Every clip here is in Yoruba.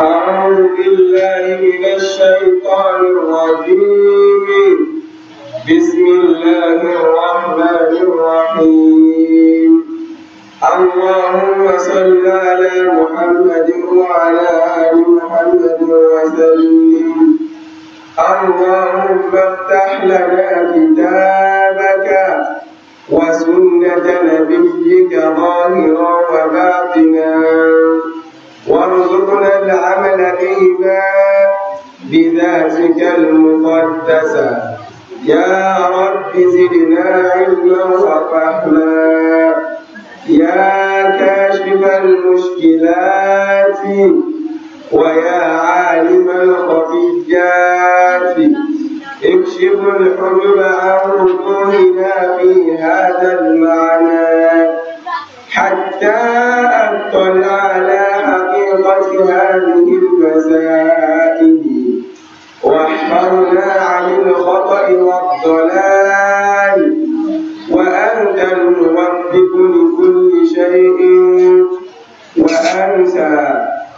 أعوذ بالله من الشيطان الرجيم بسم الله الرحمن الرحيم اللهم صل على محمد وعلى آل محمد وسلم اللهم افتح لنا كتابك وسنة نبيك ظاهرا وباطنا وارزقنا العمل بهما بذاتك المقدسة يا رب زدنا علما وفهما يا كاشف المشكلات ويا عالم الخفيات اكشف الحجب عن وجوهنا في هذا المعنى حتى اطلع على هذه المسائل واحفظنا عن الخطأ والضلال وأنت الموفق لكل شيء وأنت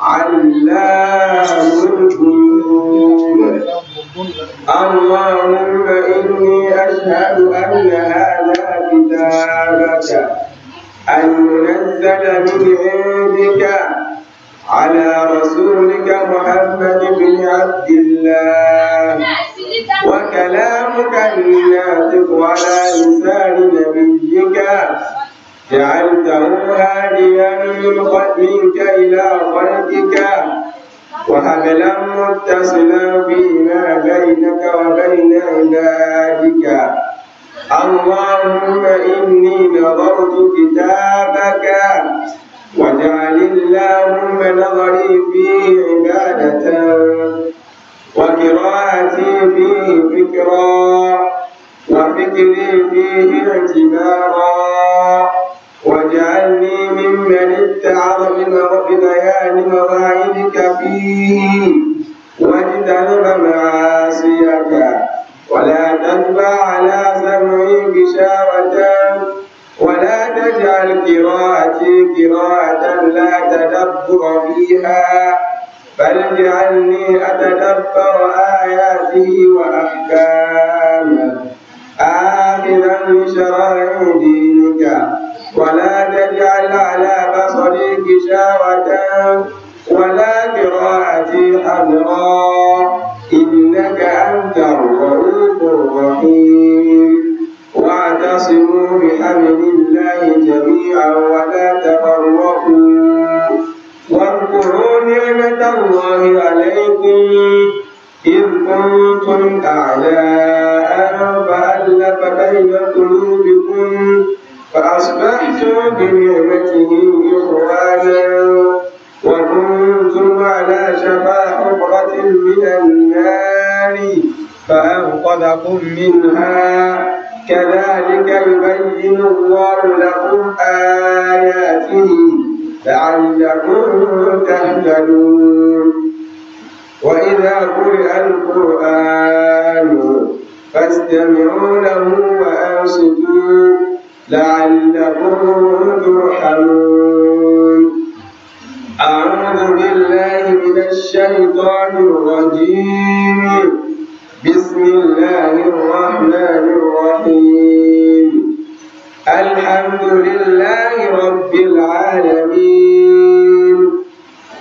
علام الغيوب اللهم إني أشهد أن هذا كتابك المنزل من عندك على رسولك محمد بن عبد الله وكلامك الناطق على لسان نبيك جعلته هاديا من خدمك إلى خلقك وهبلا متصلا فيما بينك وبين عبادك اللهم إني نظرت كتابك واجعل اللهم نظري فيه عبادة وقراءتي فيه فكرا وفكري فيه اعتبارا واجعلني ممن اتعظ من بيان مواعيدك فيه واجتنب معاصيك ولا تنفع على سمعي غشاوة قراءة لا تدبر فيها فاجعلني أتدبر آياته وأحكامه آخذا بشرائع دينك ولا تجعل على بصري غشاوة ولا قراءتي حذرا إنك أنت الرؤوف الرحيم واعتصموا بحبل الله جميعا ولا تفرقوا كنتم أعداء فألف بين قلوبكم فأصبحتم بنعمته إخوانا وكنتم على شفا حفرة من النار فأنقذكم منها كذلك يبين الله لكم آياته لعلكم تهتدون وإذا قرئ القرآن فاستمعوا له وأنصتوا لعلكم ترحمون أعوذ بالله من الشيطان الرجيم بسم الله الرحمن الرحيم الحمد لله رب العالمين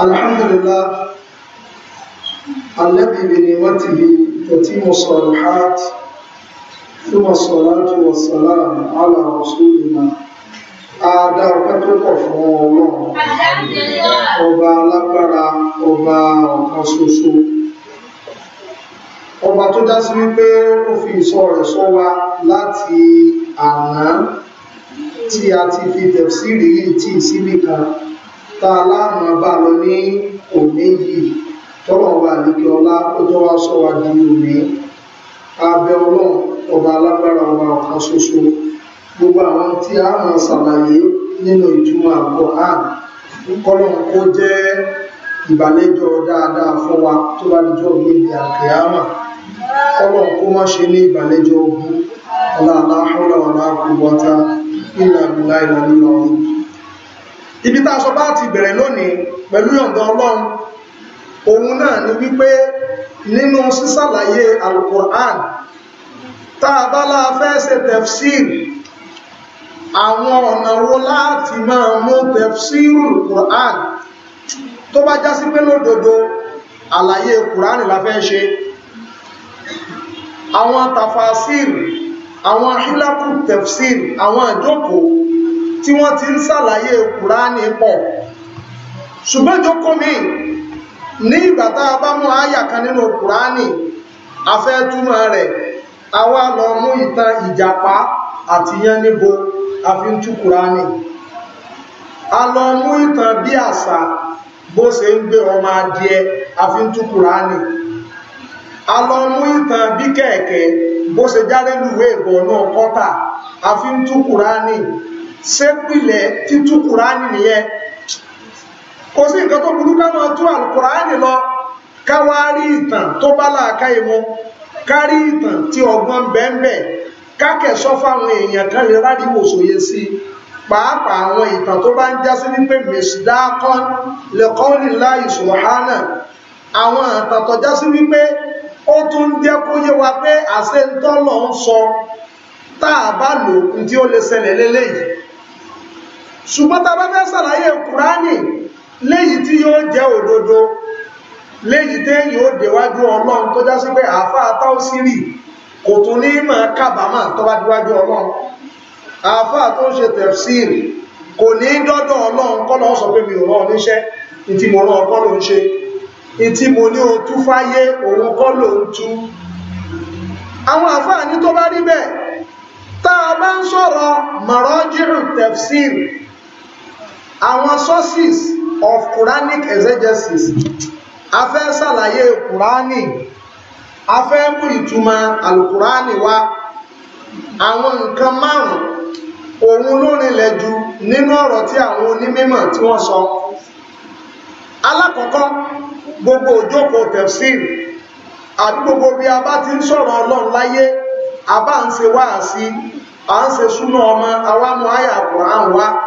الحمد لله الذي بنعمته تتم الصالحات ثم الصلاة والسلام على رسولنا Ada ọpẹ́ tó pọ̀ fún Ọlọ́run. Ọba alágbára, ọba ọ̀kan ṣoṣo. Ọba tó dá sí wípé ó fi ìṣọ́ rẹ̀ tá a láàmú bá lọ ní òní yìí tọ́lọ̀ wà níbi ọlá ó tó wá sọ wá di òní abẹ ọba alágbára ọba gbogbo àwọn tí a máa ṣàlàyé nínú ìtumọ̀ Al-Qur'an kọ́lọ̀ kó jẹ́ ìbàlẹ́jọ́ dáadáa fún wa tó bá àkèámà kó má ṣe ní ibi tá a sọ bá ti bẹ̀rẹ̀ lónìí pẹ̀lú yọ̀ǹda ọlọ́run òun náà ni wípé nínú sísàlàyé alukur'an tá a bá la fẹ́ ṣe tefsir àwọn ọ̀nà wo láti máa mú tefsir alukur'an tó bá já sí pé lódodo àlàyé kùránì la fẹ́ ṣe àwọn tafasir àwọn hilaku tefsir àwọn ìjókòó tí wọ́n ti ń sàlàyé kùránì pọ̀ ṣùgbọ́n jókòó mi ní ìgbà tá a bá mú àyà kan nínú kùránì afẹ́túmọ̀ rẹ̀ àwa lọ mú ìtàn ìjàpá àti yẹn àfi ń kùránì a lọ mú ìtàn bí àṣà bó ṣe ń gbé ọmọ adìẹ sépìlẹ̀ títú kùránì nìyẹn kò sí nǹkan tó burú ká máa tú àlùkùránì lọ ká wá rí ìtàn tó bá làákàyè mu ká rí ìtàn tí ọgbọ́n bẹ́ẹ̀ kákẹ́sọ́ fáwọn èèyàn kan lè rárí wòsòye sí i pàápàá àwọn ìtàn tó bá ń já sí wípé mẹsìdákan lẹ́kọ́ọ̀lì láì sùhánà àwọn ìtàn tó já sí wípé ó tún jẹ́ kó yé wa pé àṣẹ ń tọ́lọ̀ ń sọ tá a bá lò ní tí ó lè ṣẹlẹ̀ lélẹ́yìí ṣùgbọ́n tá a bá fẹ́ ṣàlàyé kùránì léyìí tí yóò jẹ́ òdodo léyìí téèyàn ó déwájú ọlọ́run tó já sí pé àáfàá táwọsírì kò tún ní mọ̀ kábàámà tó bá déwájú ọlọ́run àáfàá tó ń ṣe tẹ̀fsírì kò ní dọ́dọ̀ ọlọ́run kọ́ lọ́wọ́ sọ pé mi ò rán oníṣẹ́ ìtí mo rán ọkọ́ ló ń ṣe ìtí mo ní o tú fáyé òun kọ́ ló ń tú àwọn àáfàá ní tó bá rí bẹ́ẹ̀ tá a bá ń sọ̀rọ̀ mọ̀rọ́jìrù tẹ̀fsírì àwọn sources of Quranic exegesis a fẹ́ ṣàlàyé Qurani a fẹ́ mú ìtumọ̀ alukurani wá àwọn nǹkan márùn-ún òun ló rinlẹ̀ jù nínú ọ̀rọ̀ tí àwọn onímọ̀ tí wọ́n sọ alákọ̀ọ́kọ́ gbogbo òjókòó tefsir àbí gbogbo bí a bá ti ń sọ̀rọ̀ ọlọ́run láyé a bá ń se wáàsí à ń ṣe súná ọmọ awámú àyà Qur'an wá. Wa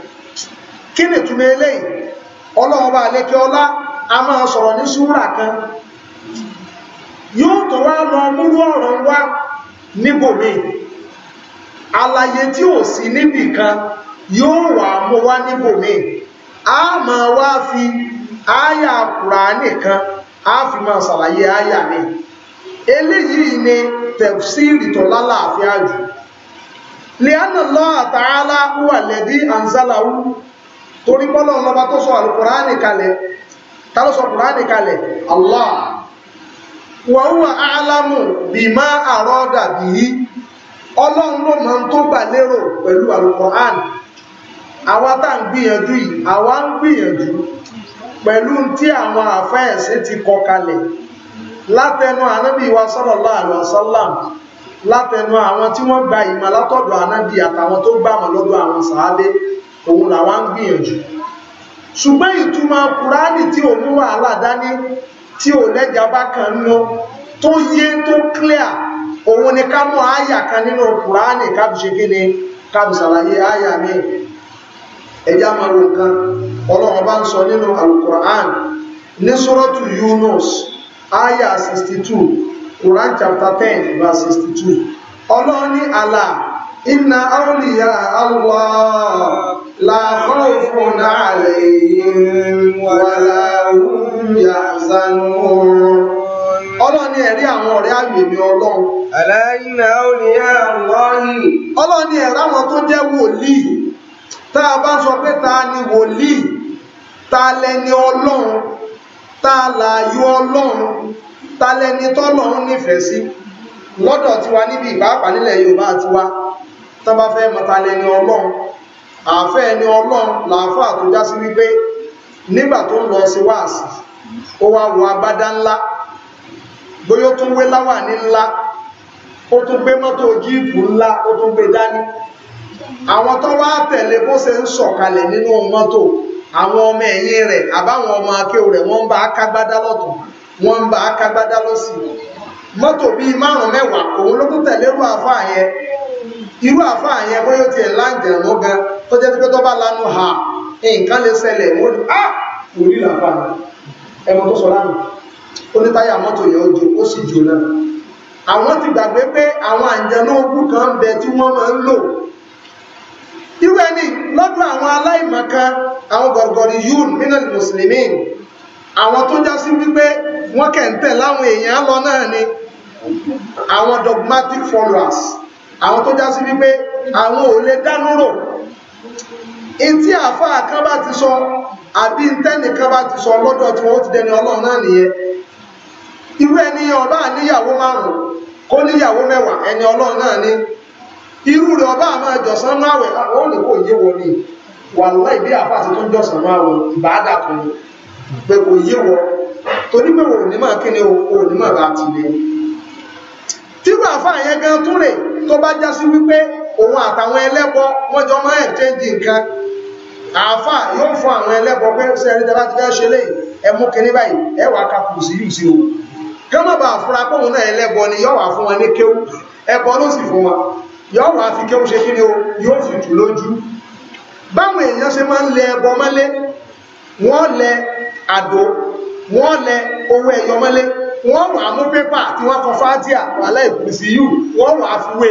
kí ni túnmọ̀ eléyìí ọlọ́ọba àlékẹ́ ọlá a máa sọ̀rọ̀ ní súúrà kan yóò tó wá lọ múrú ọ̀rọ̀ wá níbòmí alaye tí ò sí níbì kan yóò wà mú wá níbòmí a máa wá fi áyà Kùránì kan a fi máa ṣàlàyé áyà mi eléyìí ni tẹ̀síìrì lálàáfíà jù lẹ́yìn wà àǹsálàwù torí bọ́lọ̀ lọ́ba tó sọ alukùránì kalẹ̀ ta ló kalẹ̀ Allah wa huwa a'lamu bima arada bihi ọlọ́run ló mọ̀ tó gbà lérò pẹ̀lú alukùránì àwa tá ń gbìyànjú yìí àwa ń gbìyànjú pẹ̀lú tí àwọn àfẹ́ẹ̀sí ti kọ kalẹ̀ látẹnu ànábì wa sallallahu alaihi wasallam látẹnu àwọn tí wọ́n gba ìmọ̀ látọ̀dọ̀ ànábì àtàwọn tó gbàmọ̀ lọ́dọ̀ àwọn sàábé òun làwa ń gbìyànjú ṣùgbọ́n ìtumọ̀ kùránì tí ò mú wàhálà dání tí ò lẹ́jà bá kan ná tó yé tó clear òun ni ká mú àyà kan nínú kùránì kábi ṣe kí ni kábi ṣàlàyé àyà mi ẹ̀yà máa ro nǹkan ọlọ́run bá ń sọ nínú alukur'an ní sọ́rọ́tù Yunus àyà 62 Quran chapter 10 verse 62 ọlọ́run ní Allah إن أولياء الله لا خوف عليهم ولا هم يحزنون ọlọ́run ní ẹ̀rí àwọn ọ̀rẹ́ àgbèmí ọlọ́run. aláìní àwòrán àwòrán. ọlọ́run ní ẹ̀rí àwọn tó jẹ́ wòlíì tá a bá sọ pé ta ni wòlíì ta lẹni ọlọ́run ta láàyò ọlọ́run ta lẹni tọ́lọ́run nífẹ̀ẹ́ sí lọ́dọ̀ tiwa níbi ìbáàpá nílẹ̀ yorùbá tó bá fẹ́ mọ̀ta lẹ́ni ọlọ́run àáfẹ́ ẹni ọlọ́run làáfà tó já sí wípé nígbà tó ń lọ sí wáàsì ó wá wọ agbádá ńlá bóyá ó tún wé láwàní ńlá ó tún gbé mọ́tò jíìpù ńlá ó tún gbé dání àwọn tó wá tẹ̀lé bó ṣe ń sọ̀kalẹ̀ nínú mọ́tò àwọn ọmọ ẹ̀yìn rẹ̀ àbáwọn ọmọ akéwò rẹ̀ wọ́n ń bá kágbádá lọ́tún wọ́n ń bá kágbádá lọ́sì mọ́tò bíi márùn-ún mẹ́wàá òun ló tún tẹ̀lé rú àfáà yẹn irú àfáà yẹn bóyá tiẹ̀ láǹjẹ̀ ló gan tó jẹ́ pé tó bá lanu hà nǹkan lè ṣẹlẹ̀ wọ́n ní ah kò rí làfáà rẹ̀ ẹ̀mọ́ tó sọ lánàá ó ní táyà mọ́tò yẹn ó jó ó sì jó náà àwọn ti gbàgbé pé àwọn àǹjẹ̀nú ogún kan ń bẹ tí wọ́n máa ń lò irú ẹni lọ́dọ̀ àwọn aláìmọ̀kan àwọn gọ̀rọ̀gọ̀rọ̀ yún minal muslimin àwọn tó já sí wípé wọ́n kẹ̀ ń tẹ̀ láwọn èèyàn lọ náà ni àwọn dogmatic followers àwọn tó já sí wípé àwọn ò lè dánú rò ntí àáfàá kan bá ti sọ àbí ntẹ́nìkan bá ti sọ lọ́dọ̀ tí wọ́n ti dẹni ọlọ́run náà nìyẹn irú ẹni ọba níyàwó márùn kó níyàwó mẹ́wàá ẹni ọlọ́run náà ní irú rẹ̀ ọba àmọ́ ẹjọ̀sán náà wẹ̀ ó lè kó yé wọlé wà lọ́la ìbí àáfàá ti tún jọ̀sán náà ìbáàdà kan pé kò yé wọ torí pé wò máa kí ni o máa bá ti lè tírú àfáà yẹn gan tún rè tó bá já sí wípé òun àtàwọn ẹlẹ́bọ wọ́n jọ máa ẹ̀jẹ̀ǹdì nǹkan àfáà yóò fún àwọn ẹlẹ́bọ pé ṣe ẹni tẹ́lá ti fẹ́ ṣe lé ẹmú kínní báyìí ẹ wàá ka kù sí yìí sí o kí wọ́n má bàa fura pé òun náà ẹlẹ́bọ ni yóò wà fún wọn ní kéwú ẹbọ ló sì fún wọn yóò wà fi kéwú ṣe kí ni o yóò fi jù lójú báwọn èèyàn ṣe máa ń lẹ ẹbọ mọ́lé wọ́n lẹ àdó wọ́n lẹ owó ẹyọ mọ́lé wọ́n wà mú pépà tí wọ́n kọ fátíà wàhálà ìkùrìsí yù wọ́n wà fúwé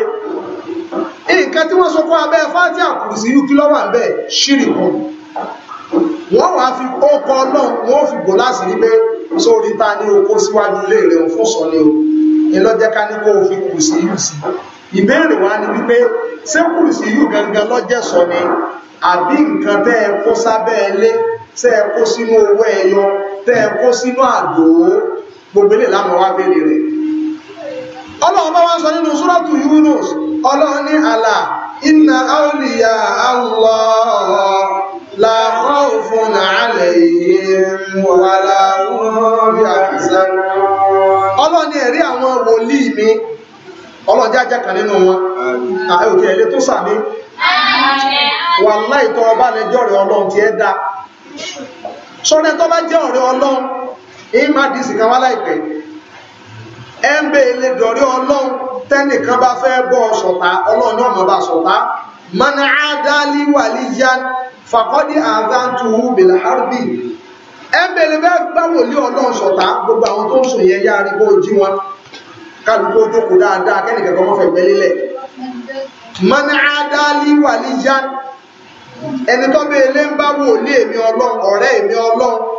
nǹkan tí wọ́n sọ kọ́ abẹ́ fátíà kùrìsí yù kí lọ́wọ́ àbẹ́ ṣírìkù wọ́n wà fi ókọ náà wọ́n fi bò láti rí pé sórí ta ní oko síwájú ilé rẹ̀ fún sọ ni o ìlọ́jẹ́ ká ní kó o fi kùrìsí yù sí ìbéèrè wa ni wípé ṣé kùrìsí yù gangan lọ́jẹ́ sọ ni àbí nǹkan tẹ́ ẹ kó sábẹ́ ẹlé tẹ́ ẹ kó sínú owó ẹyọ tẹ́ ẹ kó sínú àdó gbogbo ilé lámọ̀ wá bèèrè rẹ̀ ọlọ́run bá wá sọ nínú súrọ́tù Yunus ọlọ́run ní àlà inna awliya Allah la khawfun alayhim wa la hum yahzanun ọlọ́run ní ẹ̀rí àwọn wòlíì mi ọlọ́run jájá kan nínú wọn àìòkè ẹ̀lẹ́ tó sàmí wàláì tọ́ ọba lẹ́jọ́ rẹ̀ ọlọ́run ti ẹ́ dá sọ́rẹ́ tó bá jẹ́ ọ̀rẹ́ ọlọ́run ìmàdìsí kan wá láìpẹ́ ẹ ń bẹ ilé dọ̀rí ọlọ́run tẹ́nìkan bá fẹ́ bọ́ sọ̀tá ọlọ́run ní ọmọ bá sọ̀tá mọ́nà àdáálí wà líyá fàkọ́dí bìlà gbogbo àwọn tó ń sùn yẹn yá jí wọn kálukú ojókòó dáadáa kan wà líyá bẹ ilé ń lé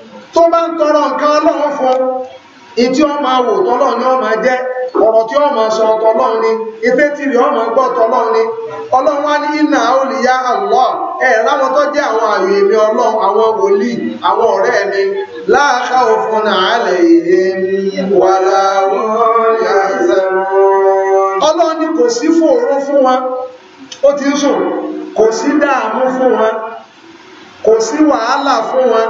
tó bá ń tọrọ nǹkan ọlọ́run fún ìtí ọmọ àwò tọ́lọ́run ni ọmọ ọ̀rọ̀ sọ ni tí rí ọmọ gbọ́ ni ọlọ́run wá ní iná olùyá àlọ́ ẹ̀ tó jẹ́ àwọn ọlọ́run àwọn àwọn ọ̀rẹ́ mi láàká òfin náà lè yé wà láwọn ọlọ́run ni kò sí fún wọn ó ti ń kò sí dààmú fún wọn kò sí wàhálà fún wọn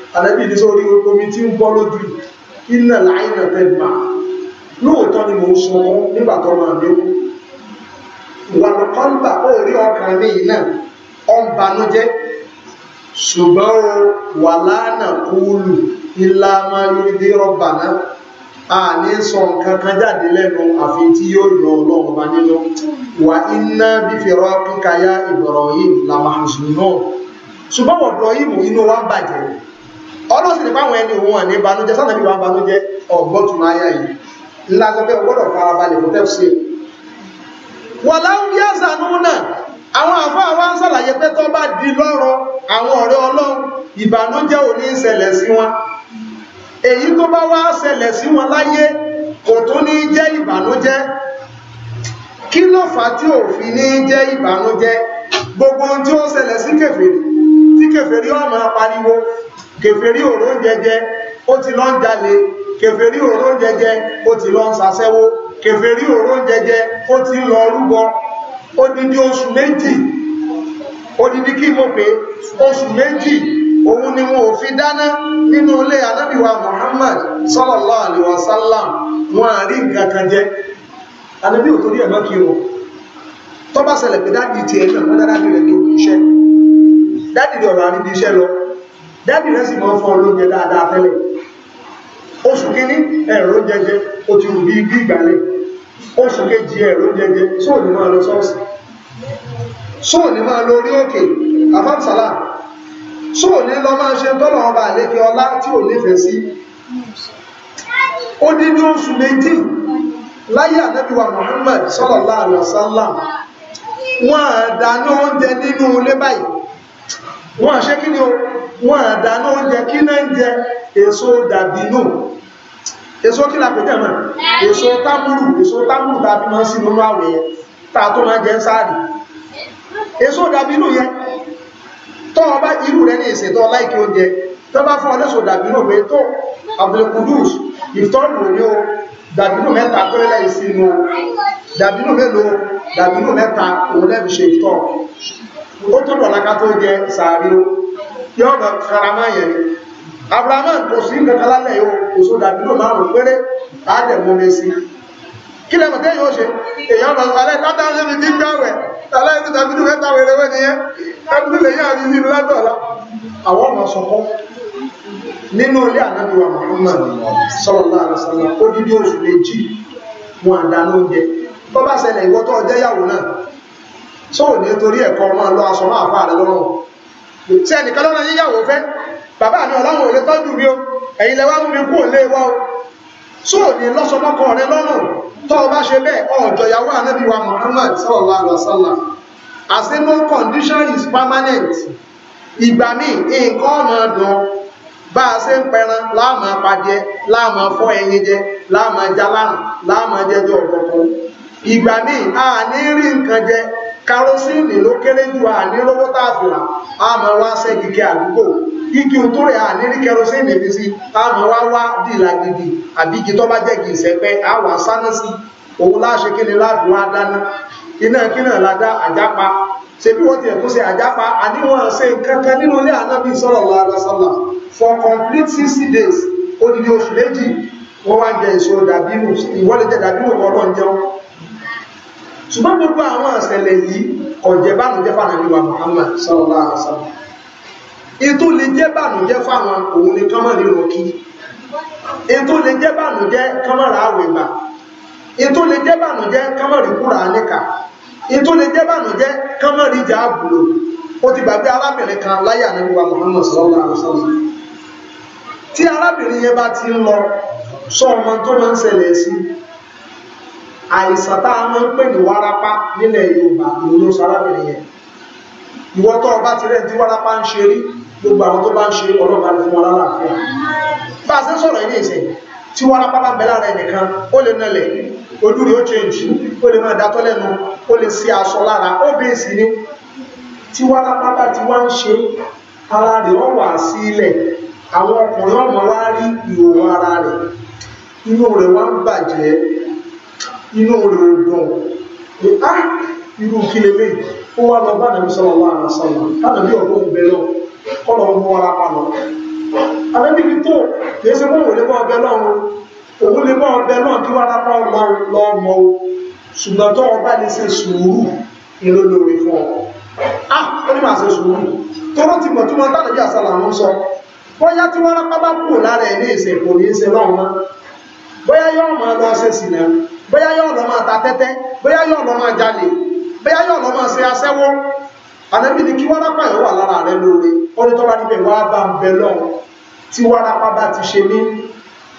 àlẹ́bí ní sórí omi tí ń bọ́ lójú iná láìnà tẹ́gbà lóòótọ́ ni mò ń sun wọn nígbà tó máa ní wà lọ́kọ́ńgbà ó rí ọkàn ní iná ọ̀nbanújẹ́ ṣùgbọ́n o wà lánà kúlù ilá máa yóò dé rọ́bà náà a ní sọ nǹkan kan jáde lẹ́nu àfi tí yóò yọ ọlọ́run bá nínú wà iná bí fẹ̀rọ kíkayá Ibrahim làmàṣù náà ṣùgbọ́n ọ̀dọ̀ yìí inú wa bàjẹ́ ọlọ́run sì ní pàwọn ẹni òun àní ìbànújẹ́ sánàbí wa ìbànújẹ́ ọgbọ́tún ayá yìí lásọpẹ́ gbọ́dọ̀ farabalẹ̀ fún tẹ́fṣe wà láwùjẹ́ yàzánú náà àwọn àfáà wa ń sàlàyé pé tó bá di lọ́rọ̀ àwọn ọ̀rẹ́ ọlọ́run ìbànújẹ́ ò ní ṣẹlẹ̀ sí wọn èyí tó bá wá ṣẹlẹ̀ sí wọn láyé kò tó ní jẹ́ ìbànújẹ́ kí ló fà tí ò fi ní jẹ́ ìbànújẹ́ gbogbo ohun tí ó ṣẹlẹ̀ sí kèfèrí tí kèfèrí ó máa kèfèrí òrón jẹjẹ ó ti lọ ń jalè kèfèrí òrón jẹjẹ ó ti lọ ń ṣaṣẹ́wó kèfèrí òrón jẹjẹ ó ti lọ rúbọ odidi oṣù méjì odidi kí mo pé oṣù méjì òun ni wọn ò fi dáná nínú ilé anábìwa Muhammad sallallahu alaihi wasallam wọn à rí nǹkan kan jẹ anábì ò torí ẹ̀mọ́ kí o tọ́bàṣẹlẹ̀ pé dáàdì tiẹ̀ náà wọ́n dáadáa rẹ̀ tó iṣẹ́ dáàdì rẹ̀ ọ̀rọ̀ àríbi iṣẹ́ lọ dádì rẹ̀ sì máa ń fún olóúnjẹ dáadáa tẹ́lẹ̀ oṣù kìíní ẹ̀rọ jẹjẹ o ti rù bí igbí ìgbàlẹ̀ oṣù kejì ẹ̀rọ jẹjẹ sóò ní máa lọ sọ́ọ̀sì sóò ní máa lọ orí òkè àfáàsálà sóò ní lọ máa ṣe tọ́lọ̀ ọba àlékè ọlá tí ò nífẹ̀ẹ́ sí ó dín ní oṣù méjì láyé ànábìwà Muhammad sallallahu alaihi wasallam wọn àdáná oúnjẹ nínú ilé báyìí wọ́n ṣe kí ni o wọ́n àdánú oúnjẹ kí náà ń jẹ èso dàbínú èso kí làpẹ́ jẹ́ náà èso tábùrù èso tábùrù tàbí máa ń sí nínú àwẹ̀ yẹn tàà tó máa jẹ sáàrì èso dàbínú yẹn tọ́ ọba irú rẹ̀ ní ìṣètọ́ láìkí oúnjẹ tó bá fún ọlẹ́sọ dàbínú pé tó abdulkudus ìtọ́rù ní o dàbínú mẹ́ta tó lẹ́yìn sínú dàbínú mélòó dàbínú mẹ́ta òun lẹ́bi ṣe ìtọ́rù ó tó dọ̀la ká tó jẹ sàárì o yóò mọ̀ karama yẹn ni abrahamu kò sí kankan lálẹ́ yìí o kò sódà nínú márùn péré á dẹ̀ mú mi sí kí lẹ́mọ̀ tẹ́ yóò ṣe èèyàn lọ sàlẹ̀ látà ń sẹ́ni tí ń gbàwẹ̀ sàlẹ̀ tí tàbí tí mẹ́ta wẹ̀rẹ̀ wẹ̀ nìyẹn ẹbí lè yá àbí nínú látọ̀ọ̀la àwọn ọmọ sọkọ nínú ilé ànábi wa Muhammad sallallahu alaihi wasallam ó dídí oṣù méjì wọn àdánù oúnjẹ tó bá ṣẹlẹ̀ ìwọ́tọ̀ ọjọ́ yàwó náà tó ò ní torí ẹ̀kọ́ ọmọ lọ aṣọ máa fà rẹ lọ́rùn tí ẹnìkan lọ́nà yíyàwó fẹ́ bàbá mi ọ̀làwọn òlé tọ́jú mi o ẹ̀yin lẹ́wà mú mi kú òlé wa o tó ò ní lọ́sọmọ́kọ rẹ lọ́rùn tó o bá ṣe bẹ́ẹ̀ ọ̀jọ̀ ìyàwó ànábì wa Muhammad sallallahu alaihi wasallam àti no condition is permanent ìgbà míì nǹkan ọmọ dùn bá a ṣe ń pẹran láàmà pàjẹ láàmà fọ ẹyin jẹ láàmà jalánà láàmà jẹjọ ọ̀kọ̀ọ̀kan ìgbà míì a ní rí nǹkan jẹ karosíìnì ló kéré ju àní lọ́wọ́ tá a fi rà àdúgbò igi tó rẹ̀ àní rí karosíìnì fi sí á wá wá àbí igi tó bá jẹ́ kì í sẹ́pẹ́ òun láṣẹ kí ni láàbù wá iná kí náà àjápa ṣe bí wọ́n ti ẹ̀kú ṣe àjápa àníwọ̀n ṣe nǹkan nínú ilé ànábì sallallahu alaihi wasallam for complete sixty days odidi oṣù méjì wọ́n wá jẹ èso dàbínú ìwọ́lẹ̀ jẹ dàbínú kọ́ lọ́n jẹun ṣùgbọ́n gbogbo àwọn àṣẹlẹ̀ yìí kò jẹ́ bànújẹ́ fáwọn àbíwá Muhammad sallallahu alaihi wasallam ètò lè jẹ́ bànújẹ́ fáwọn òun ni kánmọ́ ríran kí ètò lè jẹ́ bànújẹ́ kánmọ́ rà áwẹ̀ gbà ètò lè jẹ́ bànújẹ́ kánmọ́ rí kúrà níkà ètò lè jẹ́ bànújẹ́ kánmọ́ rí jà àbúrò ó ti gbàgbé arábìnrin kan láyé àníwá Muhammad sallallahu alaihi wasallam tí arábìnrin yẹn bá ti ń lọ sọ ọmọ tó máa ń ṣẹlẹ̀ sí i àìsàn tá a máa ń pè ní wárápá nílẹ̀ Yorùbá òun ló sárábìnrin yẹn ìwọ tó ọba tirẹ̀ tí wárápá ń ṣe rí gbogbo àwọn tó bá ń ṣe ọlọ́ba ní fún ọlọ́lá àfíà bá a ṣe sọ̀rọ̀ yìí nìṣẹ́ tí wárápá bá bẹ lára ẹnìkan ó lè nalẹ̀ ojú rẹ̀ ó change ó lè máa dátọ́ lẹ́nu ó lè ṣe aṣọ lára ó bẹ́ẹ̀ sì ni tí wárápá bá ti wá ń ṣe ara rẹ̀ ó wà sí ilẹ̀ àwọn ọkùnrin ọmọ wá rí ìhòòhò ara rẹ̀ inú rẹ̀ wá ń bàjẹ́ inú rẹ̀ ò dùn pé á ah, irú kílélé ó wá lọ bá nàbí sọ̀rọ̀ wà á sọ̀rọ̀ lánàbí ọ̀dọ́ ìbẹ̀ lọ kọ́lọ̀ ń wọ́n ara lọ. àbẹ́bí kí tó kìí ṣe bóun lè bá ọbẹ̀ náà òun lè bá ọbẹ̀ náà kí wọ́n rápá ọmọ lọ mọ́ o ṣùgbọ́n tó ọba lè ṣe sùúrù ìlú lórí fún ọ. á ah, ó ní màá ṣe sùúrù tó ló ti mọ̀ tó máa tàbí àṣà làwọn sọ bóyá tí wọ́n rápá bá kúrò lára ẹ̀ ní bóyá yóò máa lọ ṣe sìnà bóyá yóò lọ máa ta tẹ́tẹ́ bóyá yóò lọ máa jalè bóyá yóò lọ máa ṣe aṣẹ́wó ànábì ni kí wárápá yóò wà lára rẹ lóore ó ní tó bá níbẹ̀ wá bá ń bẹ lọ́hùn tí wárápá bá ti ṣe mí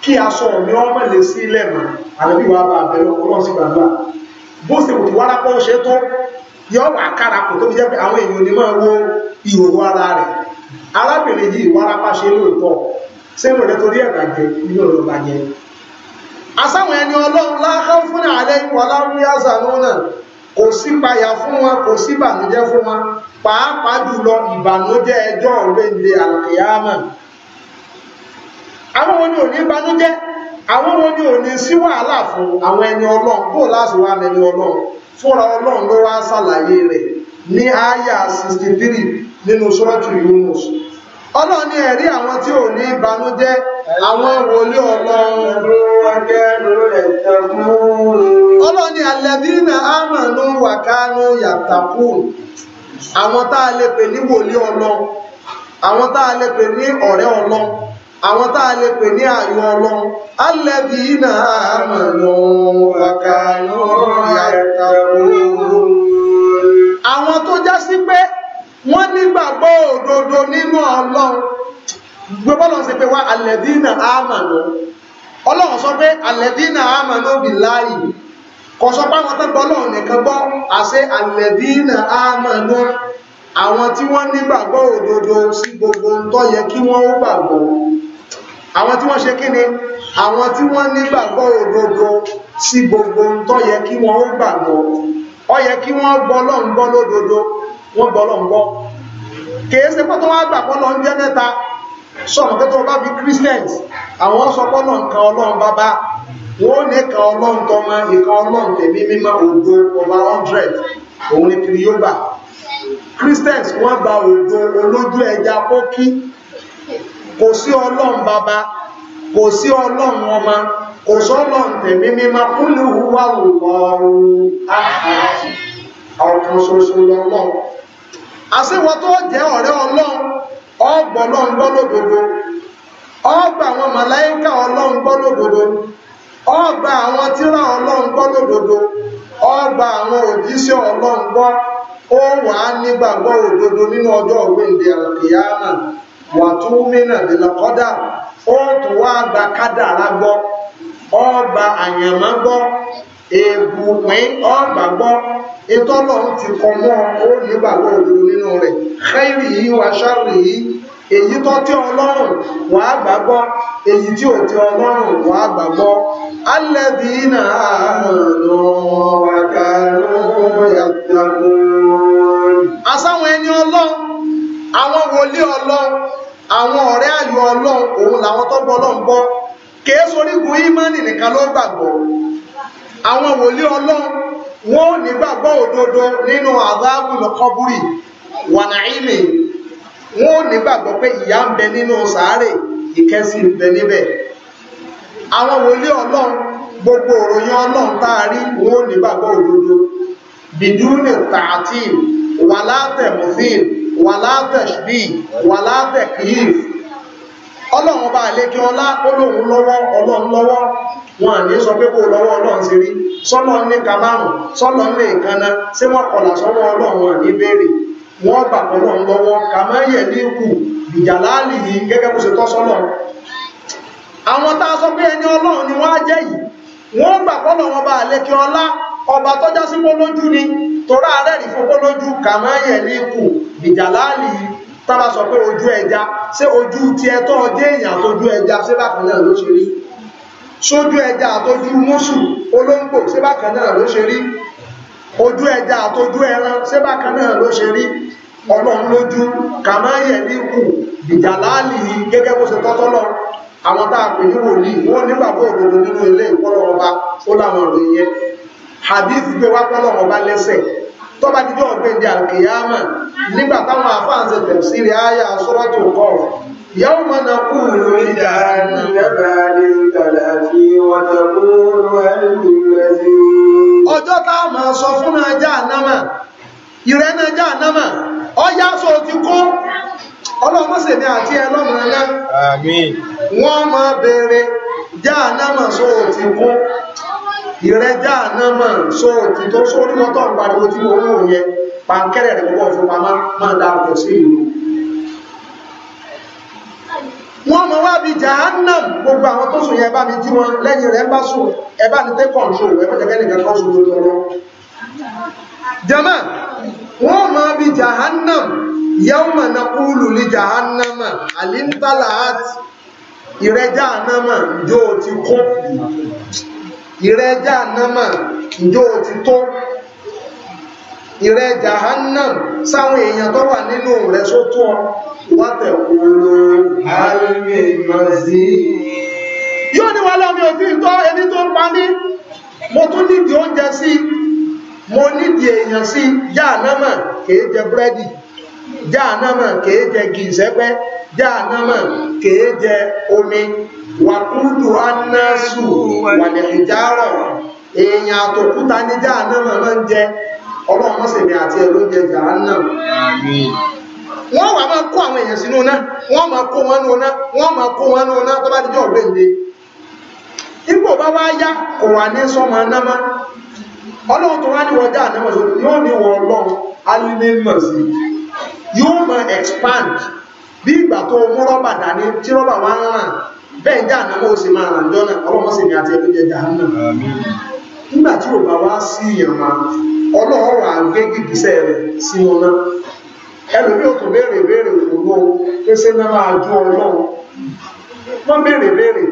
kí aṣọ mi ọmọ lè sí ilẹ̀ mọ́ ànábì wá bá bẹ lọ́hùn ọlọ́run sì gbàgbà bó ṣe kò tí wárápá ó ṣe tó yọ wà kára kò tó fi jẹ́ pé àwọn èèyàn ò máa wo ìhòòhò ara rẹ̀ arábìnrin yìí wárápá ṣe lóòótọ́ sẹ́nu rẹ̀ torí ẹ̀ bàjẹ́ inú rẹ̀ bàjẹ́ asáwọn ẹni ọlọ́run láhá fún ààrẹ ìwọ̀ lárúyásà lónà kò sí payà fún wọn kò sí ìbànújẹ́ fún wọn pàápàá jùlọ ìbànújẹ́ ẹjọ́ òrèlè àkèyàmà àwọn ò ní àwọn ni ò ní sí wàhálà fún àwọn ẹni ọlọ́run kó láti wá ọlọ́run fúnra ọlọ́run ló wá 63 nínú sọ́ọ̀tù Yunus ọlọ́run ní ẹ̀rí àwọn tí ò ní ìbànújẹ́ àwọn wòlé ọlọ́run ọlọ́run ní alẹ́bínà àmànú wàkánú yàtàkù àwọn tá a lè pè ní wòlé ọlọ́run àwọn tá a lè pè ní ọ̀rẹ́ ọlọ́run àwọn tá a lè pè ní ààyò ọlọ́run alẹ́bínà àmànú wàkánú yàtàkù àwọn tó já sí pé wọ́n nígbàgbọ́ òdodo nínú ọlọ́run gbogbo ọlọ́run sì pé wá alẹ́dínà àmàlú ọlọ́run sọ pé alẹ́dínà àmàlú billahi kò sọ pé àwọn tó gbọ́ ọlọ́run nìkan gbọ́ àṣẹ alẹ́dínà àmàlú àwọn tí wọ́n nígbàgbọ́ òdodo sí gbogbo ń tọ́ yẹ kí wọ́n ó gbàgbọ́ àwọn tí wọ́n ṣe kí ni àwọn tí wọ́n nígbàgbọ́ òdodo sí gbogbo ń tọ́ yẹ kí wọ́n ó gbàgbọ́ ó yẹ kí wọ́n gbọ́ ọlọ́run gbọ́ lódodo wọ́n gbọ́ lọ́n gbọ́ kìí ṣe pé tó wá gbà pọ́ lọ́n jẹ́ mẹ́ta sọ̀rọ̀ pé tó bá bí Christians àwọn sọ pọ́ lọ́n kan ọlọ́run bàbá wọ́n ní kan ọlọ́run tọmọ ìkan ọlọ́run tẹ̀mí mímọ́ ògo over hundred òun ni kiri yóò gbà Christians wọ́n gba ògo olójú ẹja pókí kò sí ọlọ́run bàbá kò sí ọlọ́run ọmọ kò sọ́lọ́run tẹ̀mí mímọ́ kúlù wà lọ́rùn ọ̀kan ṣoṣo lọ́lọ́run àṣewọ́n tó jẹ́ ọ̀rẹ́ ọlọ́run ọgbọ̀n náà ọgbà àwọn màláíkà ọlọ́run gbọ́ ọgbà àwọn ọlọ́run ọgbà àwọn nínú ọjọ́ àkìyámà wà tó kọ́dà ó wá gba kádàrá gbọ́ èbùpín ọgbàgbọ́ ìtọ́lọ̀ ti kọ mọ́ ó nígbàgbọ́ òdodo nínú rẹ̀ kẹ́rì yìí wà ṣáàrì yìí èyí tó tí ọlọ́run wà á gbàgbọ́ èyí tí ò tí ọlọ́run wà á gbàgbọ́ alẹ́bí náà àmọ̀nà àkàrùn yàtàkùn. asáwọn ẹni ọlọ́run àwọn wòlíì ọlọ́run àwọn ọ̀rẹ́ àyò ọlọ́run òun làwọn tó gbọ́ ọlọ́run gbọ́ kèé sorígun ímánì nìkan ló gbàgbọ́ àwọn wòlíì ọlọ́run wọn ò nígbàgbọ́ òdodo nínú àzábùlù kọ́búrì wànàímì wọn ò nígbàgbọ́ pé ìyà ń bẹ nínú sàárè ìkẹ́sì ń bẹ níbẹ̀ àwọn wòlíì ọlọ́run gbogbo òròyìn ọlọ́run tá a nígbàgbọ́ òdodo bìdúnì tààtì wàlátẹ̀ mùsìn wàlátẹ̀ ṣbí wàlátẹ̀ kìí ọlọ́run bá lé ọlá ó lóun lọ́wọ́ ọlọ́run lọ́wọ́ wọn ní sọ pé kó lọ́wọ́ ọlọ́run ti rí sọ́lọ́ ní kamárùn sọ́lọ́ ní ìkànnà sí wọ́n kọ̀là sọ́wọ́ ọlọ́run wọn ní béèrè wọ́n gbà pọ̀lọ́ lọ́wọ́ kàmáyẹ̀ ní ikú ìjàláàlì yìí gẹ́gẹ́ bó ṣe tọ́ sọ́lọ́ àwọn tá a sọ pé ẹni ọlọ́run ni wọ́n á jẹ́ yìí wọ́n gbà pọ̀lọ́ wọn bá àlẹ́kẹ́ ọlá ọba tó já sí pólójú ni torá ojú ẹja ṣé ojú ló ṣe rí sójú ẹja àtọjú mọ́sù olóńgbò ṣé bákan náà ló ṣe rí ojú ẹja àtọjú ẹran ṣé bákan náà ló ṣe rí ọlọ́run lójú kàmáyẹ̀ ní kù ìjàláàlì gẹ́gẹ́ bó ṣe tọ́tọ́lọ́ àwọn tá a pè ní wòlíì wọ́n nígbàgbọ́ òdodo nínú ilé ìpọ́lọ́mọba ó láwọn ọ̀rọ̀ ìyẹn hadith gbé wá pọ́lọ́mọba lẹ́sẹ̀ tó bá dijọ́ ọ̀gbẹ́ndẹ̀ àkèyàmà nígbà táwọn àfáàǹsẹ̀ tẹ̀síri àyà sọ́rọ́tò kọ́ọ̀rọ̀ يوم نقول لجهنم هل امتلأت وتقول هل من مزيد ọjọ́ tá a máa sọ fún náà Jahannama ìrẹ́ náà Jahannama ọyá sọ ti kó ọlọ́mọ́sẹ̀mí àti ẹlọ́mọ náà wọ́n máa béèrè Jahannama sọ ti kó ìrẹ́ Jahannama sọ ti tó sórí mọ́tọ́ ìpariwo tí mo mú yẹ rẹ̀ púpọ̀ fún pamá máa dárúkọ sí ìlú wọ́n mọ̀ wá bí jahannam gbogbo àwọn tó sùn yẹ mi jí wọn lẹ́yìn rẹ̀ bá bá sùn lórí ọlọ́ jama wọ́n mọ̀ jahannam yawma naqulu li jahannama alimtalaat ti kó ìrẹ́ jahannama ǹjọ́ ti tó ìrẹ jahannam sáwọn èèyàn tó wà nínú rẹ sótó wọ́tẹ̀ kúrò àrùnmí mọ̀sí. yóò ní wà lọ́mí òtí ìtọ́ ẹni tó ń pa ní mo tún nídìí oúnjẹ sí mo nídìí èèyàn sí jáànámà kèé jẹ búrẹ́dì jáànámà kèé jẹ gìsẹ́pẹ́ jáànámà kèé jẹ omi wàkúdù anásù wàlẹ̀ ìjárọ̀ èèyàn àtòkúta ní jáànámà máa ń jẹ ọlọ́run mọ́sẹ̀mí àti ẹlóúnjẹ náà. wọ́n wà máa kó àwọn èèyàn sínú náà wọ́n máa kó wọn nù náà wọ́n máa kó wọn tó bá ipò bá wá yá kò wà ní sọmọ anámá ọlọ́run tó wá ní yóò ní sí yóò máa expand bí ìgbà tó mú rọ́bà dání tí rọ́bà wá nígbà tí ò bá wá sí ìyàmà ọlọ́ọ̀rọ̀ àgbégìgísẹ̀ rẹ̀ sí ọ̀nà ẹlòmí ò tó béèrè béèrè òkúrò pèsè náà máa jó ọlọ́run wọ́n béèrè béèrè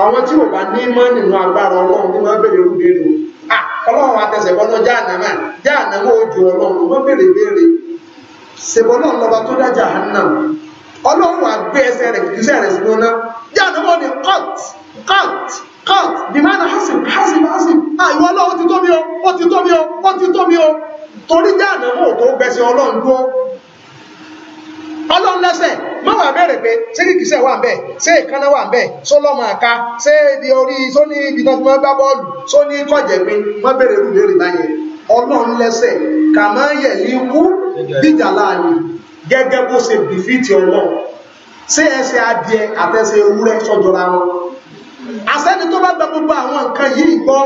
àwọn tí ò bá ní mọ́ nínú agbára ọlọ́run ní wọ́n béèrè irú béèrè ọlọ́run àtẹsẹ̀bọ́nà jáànàmà jáànàmà òjò ọlọ́run wọ́n béèrè béèrè sèbọ́nà lọ́ba tó dá jahannam ọlọ́run àgbé ẹsẹ̀ rẹ̀ kìkìsẹ̀ rẹ̀ sínú náà jáànàmà ni cut cut cut demand hasim hasim hasim àìwọ ah, ọlọ́run ti tó mi o ó ti tó mi o ó ti tó mi o torí jẹ́ àdánwò tó gbẹ̀sẹ̀ ọlọ́run dúró ọlọ́run lẹ́sẹ̀ má wà bẹ̀rẹ̀ pé ṣé kìkìsẹ̀ wà bẹ́ẹ̀ ṣé ìkànnà wà bẹ́ẹ̀ ṣó lọ́mọ àká ṣé ibi orí ṣó ní ibi tó ti máa gbá bọ́ọ̀lù ṣó ní kọ̀jẹ̀pin wọ́n bẹ̀rẹ̀ rú lérí báyẹn ọlọ́run lẹ́sẹ̀ kàmá yẹ̀ ní kú bíjà láàyè gẹ́gẹ́ bó ṣe bìfìtì ọlọ́run ṣé ẹsẹ̀ adìẹ àtẹsẹ̀ ewúrẹ́ sọ́jọ́ra wọn asẹ́ni tó bá gba gbogbo àwọn nǹkan yìí gbọ́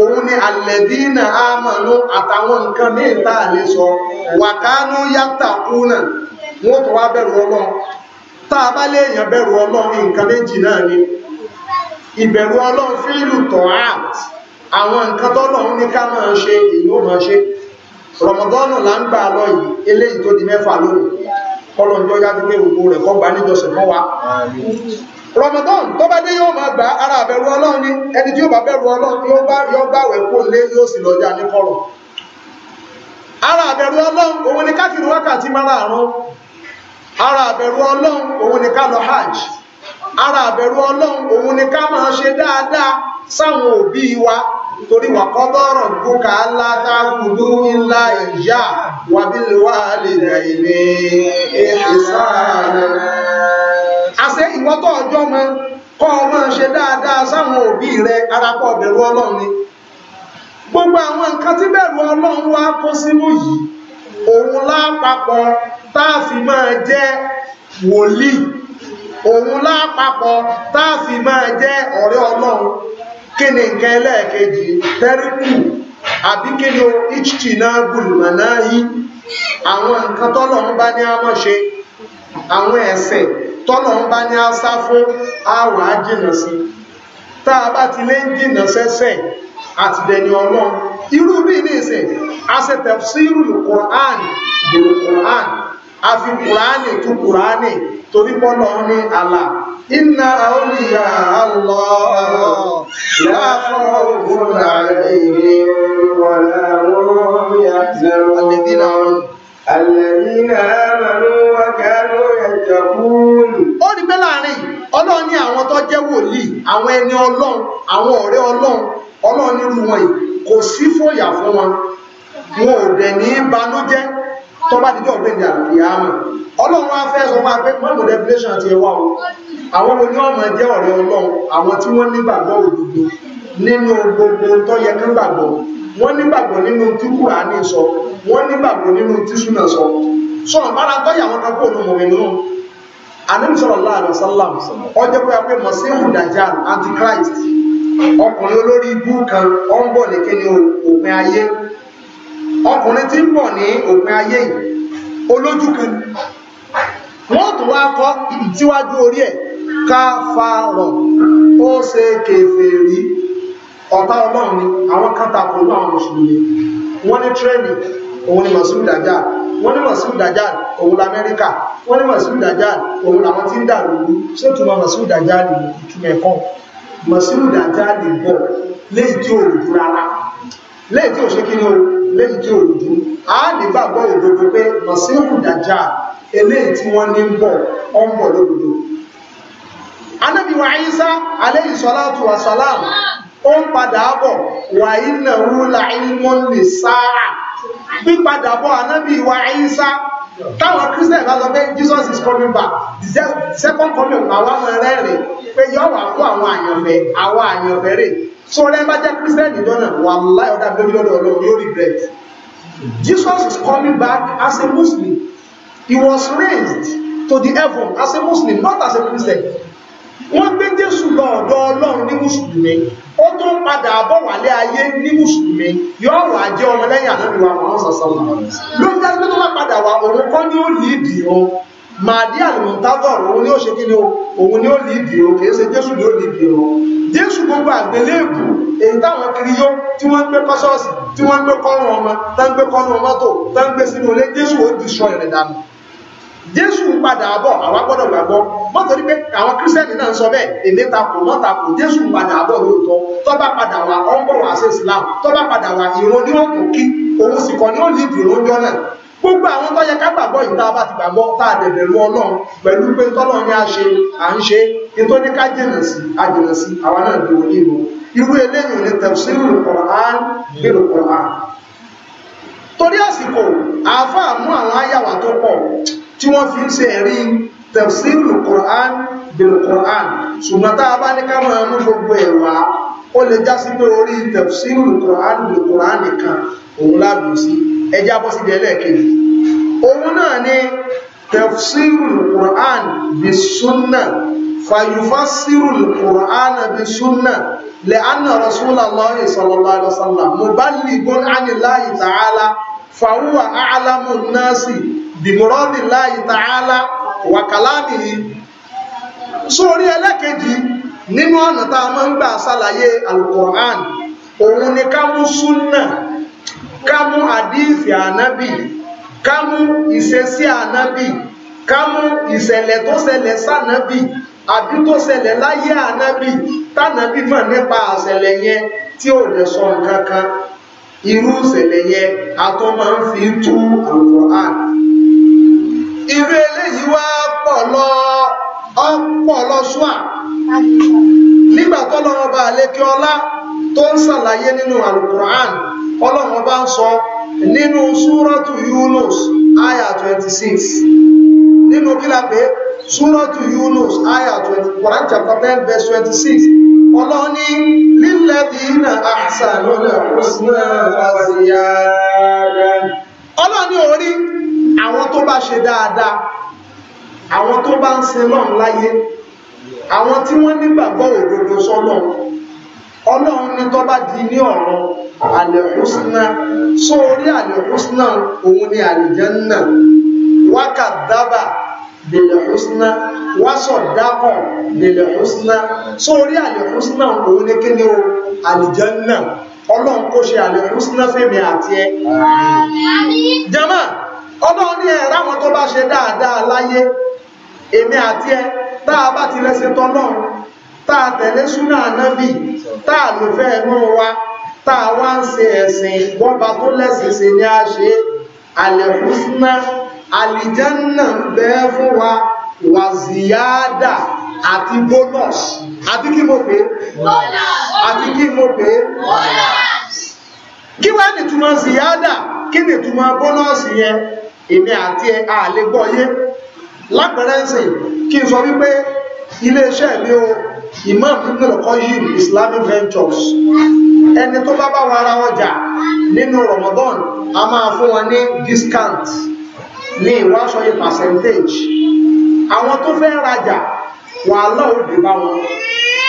òun ni alẹ́dínà àmàlú àtàwọn nǹkan ní ìta àlè sọ wàkánú yàtà kúnà wọ́n tó wá bẹ̀rù ọlọ́run tá a bá léèyàn bẹ̀rù ọlọ́run nǹkan méjì náà ni ìbẹ̀rù ọlọ́run fílù tọ́hát àwọn nǹkan tọ́lọ́run ní ká máa ṣe èyí ó máa ṣe rọmọdọ́nù là ń gbà lọ yìí eléyìí tó di mẹ́fà lónìí kọlọ́njọ́ yá gbígbé Ramadan tó bá dé yóò máa gba ara àbẹ̀rù Ọlọ́run ni ẹni tí yóò bá bẹ̀rù Ọlọ́run yóò bá yọ gbàwẹ̀ kó lé yóò lọ́jà ní kọ́rọ̀. ara àbẹ̀rù Ọlọ́run òun ni ká wákàtí mara àrùn ara àbẹ̀rù Ọlọ́run òun ni ká hajj ara àbẹ̀rù ọlọ́run òun ni ká máa ṣe dáadáa sáwọn òbí wa torí wà kọ́bọ̀rọ̀ gúkà látàgùdú ńlá ìyá wà bí lèwà lè rẹ̀ ilé ìṣàrà àṣẹ ìwọ́tọ̀ ọjọ́ mọ́ kọ́ ọmọ ṣe dáadáa sáwọn òbí rẹ̀ arápọ̀ bẹ̀rù ọlọ́run ni gbogbo àwọn nǹkan tí bẹ̀rù ọlọ́run wá kó sínú yìí òun lápapọ̀ táàfin máa jẹ́ wòlíì òun lápapọ̀ táàfì máa jẹ́ ọ̀rẹ́ ọlọ́run kí ni nǹkan ẹlẹ́ẹ̀kejì tẹ́ríkù àbí kí ni ìchìtì náà gùlùmọ̀ náà yí àwọn nǹkan tọ́lọ̀ ń bá ní àmọ́ ṣe àwọn ẹ̀ṣẹ̀ tọ́lọ̀ bá ní àṣà fún àwọ̀ àjìnà sí tá a bá ti lé ń jìnà sẹ́sẹ̀ àtìdẹ̀ni ọlọ́run irú bí ní ìsìn àṣetẹ̀síìrù Kùránì bèrè Kùránì a fi kùránì tú kùránì torí pọ́nà ní àlà iná àwòrìyà àlọ́ láàfọ́ òfin àìrè wọ̀lá wọ́n yà zẹ̀rọ̀ الذين آمنوا Ala يتقون ó rí pé láàrin ọlọ́run ní àwọn tó jẹ́ wòlíì àwọn ẹni ọlọ́run àwọn ọ̀rẹ́ ọlọ́run ọlọ́run nírú wọn yìí kò sí fòyà fún wọn wọn ò dẹ̀ ní banújẹ́ tó bá dìjọ́ gbé ìdà ìyáàmà ọlọ́run wá fẹ́ sọ máa pé mọ́mù revelation ti ẹwà o àwọn mo ní ọmọ jẹ́ ọ̀rẹ́ ọlọ́run àwọn tí wọ́n nígbàgbọ́ òdodo nínú gbogbo tó yẹ kí gbàgbọ́ wọ́n nígbàgbọ́ nínú tí Kùránì sọ wọ́n nígbàgbọ́ nínú tí súnà sọ sọ bára tó yà wọn kápò ní mọ̀mí nù Ànábì sallallahu alaihi ọjọ́ pé apẹ́ Masihu Dajjal Antichrist ọkùnrin olórí ibú kan ọ ń bọ̀ ní kíni òpin ayé ọkùnrin tí ń bọ̀ ní òpin ayé yìí olójú kan wọ́n tó wá kọ́ síwájú orí ẹ̀ káfàrọ̀ ó ṣe kèfèrí ọ̀tá ọlọ́run ni àwọn kátàkùn náà mùsùlùmí wọ́n ní tírẹ́nì òun ni mọ̀sílù dájá wọ́n ní mọ̀sílù dájá òun lamẹ́ríkà wọ́n ní mọ̀sílù dájá òun làwọn tí ń dà lóru ṣé ìtumọ̀ mọ̀sílù dájá lè ìtumọ̀ ẹ̀kọ́ mọ̀sílù dájá lè bọ̀ léyìí tí rárá lẹ́yìn tí ò ṣe kí ní o lẹ́yìn tí ò rújú a nígbàgbọ́ òdodo pé mọ̀síhù dàjà eléyìí tí wọ́n ní ń bọ̀ ọ ń bọ̀ lódodo anábì wa Ìsá alayhi salatu salam ó ń padà bọ̀ wà iná rúlà ilmọ́n lè sáà pípadà bọ̀ anábì wa Ìsá táwọn christian bá sọ pé Jesus is coming back the second coming àwọn ọmọ rẹ̀ rẹ̀ pé yọ wà fún àwọn àyànfẹ́ àwọn àyànfẹ́ So wọ́n lẹ́yìn bá jẹ́ kírísítẹ́nì jọ́nà wà láì ọ̀dà lórí lọ́dọ̀ ọlọ́run yóò regret Jesus is coming back as a Muslim he was raised to the heaven as a Muslim not as a Christian wọ́n gbé Jésù lọ ọ̀dọ̀ ọlọ́run ní mùsùlùmí ó tó ń padà bọ̀ wálé ayé ní mùsùlùmí yóò wà jẹ́ ọmọ lẹ́yìn àdébìwà àwọn sàṣàlù ló ń jẹ́ pé tó bá padà wà òun kọ́ ni ó lè dì ọ́ màdí àlùmọ̀tàgọ̀rọ̀ òun ni ó ṣe kí ni o òun ni ó lìdì o kìí ṣe jésù ni ó lìdì o jésù gbogbo àgbélébù èyí táwọn kiri yó tí wọ́n ń gbé kọ́sọ́ọ̀sì tí wọ́n ń gbé kọ́rùn ọmọ tá ń gbé kọ́rùn mọ́tò tá ń gbé sínú ilé jésù ó di sọ ìrìn dànù jésù ń padà bọ̀ àwa gbọ́dọ̀ gbàgbọ́ mọ́tò ní pé àwọn kírísítẹ́nì náà ń sọ bẹ́ẹ̀ èmi takò mọ́ takò jésù ń padà bọ̀ lóòótọ́ tó bá padà wá ọ́n bọ̀ wá sí islam tó padà wá ìrún ní òkú kí òun sì kọ́ ní ó lìdì ìrún jọ náà gbogbo àwọn tó yẹ ká gbàgbọ́ yìí tá a bá ti gbàgbọ́ tá a dẹ̀dẹ̀ lu ọlọ́run pẹ̀lú pé tọ́lọ́ ni a ṣe à ń ṣe nítorí ní ká jìnà sí a jìnà sí àwa náà di òní ìlú irú eléyìí ní tafsirul Qur'an bil Qur'an torí àsìkò àáfàá mú àwọn àyàwá tó pọ̀ tí wọ́n fi ń ṣe ẹ̀rí tafsirul Qur'an bil Qur'an ṣùgbọ́n tá a bá ní ká máa mú gbogbo ẹ̀ wá ó lè já sí pé orí tafsirul Qur'an bil Qur'an nìkan òun láàbù sí ẹjá bọ́ síbi ẹlẹ́ẹ̀kejì òun náà ni tafsirul Qur'an bi sunna fayufasirul Qur'an bi sunna lẹ́ànà Rasulullahi sallallahu alaihi wasallam muballighun anillahi ta'ala fàwúwà àálàmù náàsì bìmọ̀rọ́dì láì tààlà wà kàlámì yìí sórí ẹlẹ́kejì nínú ọ̀nà tá a máa ń gbà ṣàlàyé alukoran òun ni ká mú súnà ká mú àdíìsì ànábì ká mú ìṣesí ànábì ká mú ìṣẹ̀lẹ̀ tó ṣẹlẹ̀ sànábì àbí tó ṣẹlẹ̀ láyé ànábì tànábì mọ̀ nípa àṣẹlẹ̀ yẹn tí ò lè sọ nǹkan kan irú ìṣẹ̀lẹ̀ yẹn atọ́ máa ń fi tú Al-Qur'an irú eléyìí wá pọ̀ lọ ọ̀pọ̀ lọ ṣúà nígbà tó lọ́wọ́ bá lékè ọlá tó ń ṣàlàyé nínú Al-Qur'an ọlọ́run bá ń sọ nínú súrọ́tù Yunus aya 26 nínú kílàpé súrọ́tù Yunus aya 20 Quran chapter 10 verse 26 ọlọ́run ní lilladhina ahsanul husna wa ziyada ọlọ́run ní orí àwọn tó bá ṣe dáadáa àwọn tó bá ń sin lọ́run láyé àwọn tí wọ́n nígbàgbọ́ òdodo sọ́lọ́run ọlọ́run ní tó bá di ní ọ̀rọ̀ àlẹ̀kúsínà sórí àlẹ̀kúsínà òun ni àlìjẹ́nà wákàdábà bẹ̀lẹ̀kúsínà wásọ̀dákọ̀ bẹ̀lẹ̀kúsínà sórí àlẹ̀kúsínà òun ni kí ni o àlìjẹ́nà ọlọ́run kó ṣe àlẹ̀kúsínà fèmí àti ẹ jama ọlọ́run ní ẹ̀rá wọn tó bá ṣe dáadáa láyé èmi àti ẹ tá a bá ti rẹsẹ̀ tọ́lọ́run táà tẹ̀lé súnà nábì táà ló fẹ́ mọ́ wa táà wá ń ṣe ẹ̀sìn bọ́ba tó lẹ́sìn ṣe a ṣe alẹ́kùsínà àlìjánà bẹ́ẹ̀ fún wa wàzíyáàdà àti bonus àti kí mo pè àti kí mo pè kí wá ní túmọ̀ zíyáàdà kí ní túmọ̀ bonus yẹn èmi àti ẹ àlégbọ́yé lápẹ̀rẹ́ǹsì kí n sọ wípé iléeṣẹ́ mi o Imam Ibn Qayyim Islamic Ventures ẹni tó bá bá wọn ara ọjà nínú Ramadan a máa fún wọn ní discount ní ìwáṣọyí percentage àwọn tó fẹ́ rajà wàhálà òde bá wọn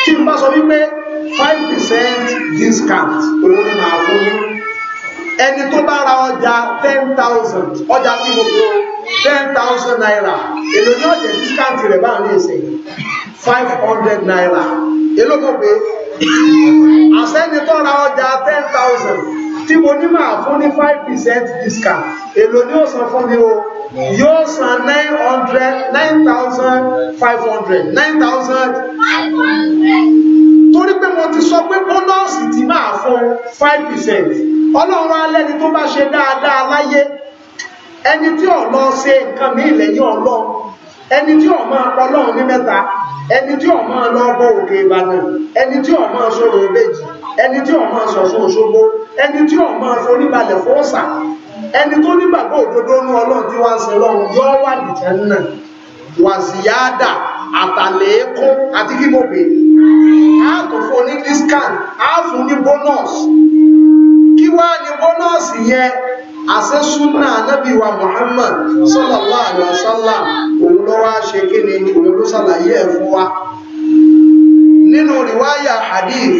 tí n bá sọ wípé five percent discount òun ni màá fún yín ẹni tó bá ra ọjà ten thousand ọjà tí mo fi ten thousand naira èlò ní ọjà discount rẹ̀ bá ń rí five hundred naira elóko pé àsẹ́ni tó ra ọjà ten thousand tí mo ní máa fún ní five percent discount èlò ni ó san fún mi o yóò san nine hundred nine thousand five hundred nine thousand five hundred torí pé mo ti sọ pé bónọ́ọ̀sì ti máa fún five percent ọlọ́run alẹ́ni tó bá ṣe dáadáa láyé ẹni tí ò lọ ṣe nǹkan mí lẹ́yìn ọlọ́run ẹni tí ò ọlọ́run ní mẹ́ta ẹni tí ó máa lọ bọ́ òkè ìbàdàn ẹni tí ó máa sọ̀rọ̀ òbejì ẹni tí ó máa sọ̀sọ̀ òṣogbo ẹni tí ó máa foríbalẹ̀ fọ́ọ̀sà ẹni tó nígbàgbọ́ òdodo ní ọlọ́run tí wá ń sin ọlọ́run yọ wà nìjẹ́ náà wàsíyáàdà àtàlẹ́ẹ̀kọ́ àti kíkòpè àtòfò ní discount àfún ní bónọ́ọ̀sì kí wá ní bónọ́ọ̀sì yẹn àṣẹ súnà anábì wa Muhammad sallallahu alaihi wasallam òun ló wá ṣe kí ni òun ló ṣàlàyé ẹ̀ fún wa nínú rìwáyà hadith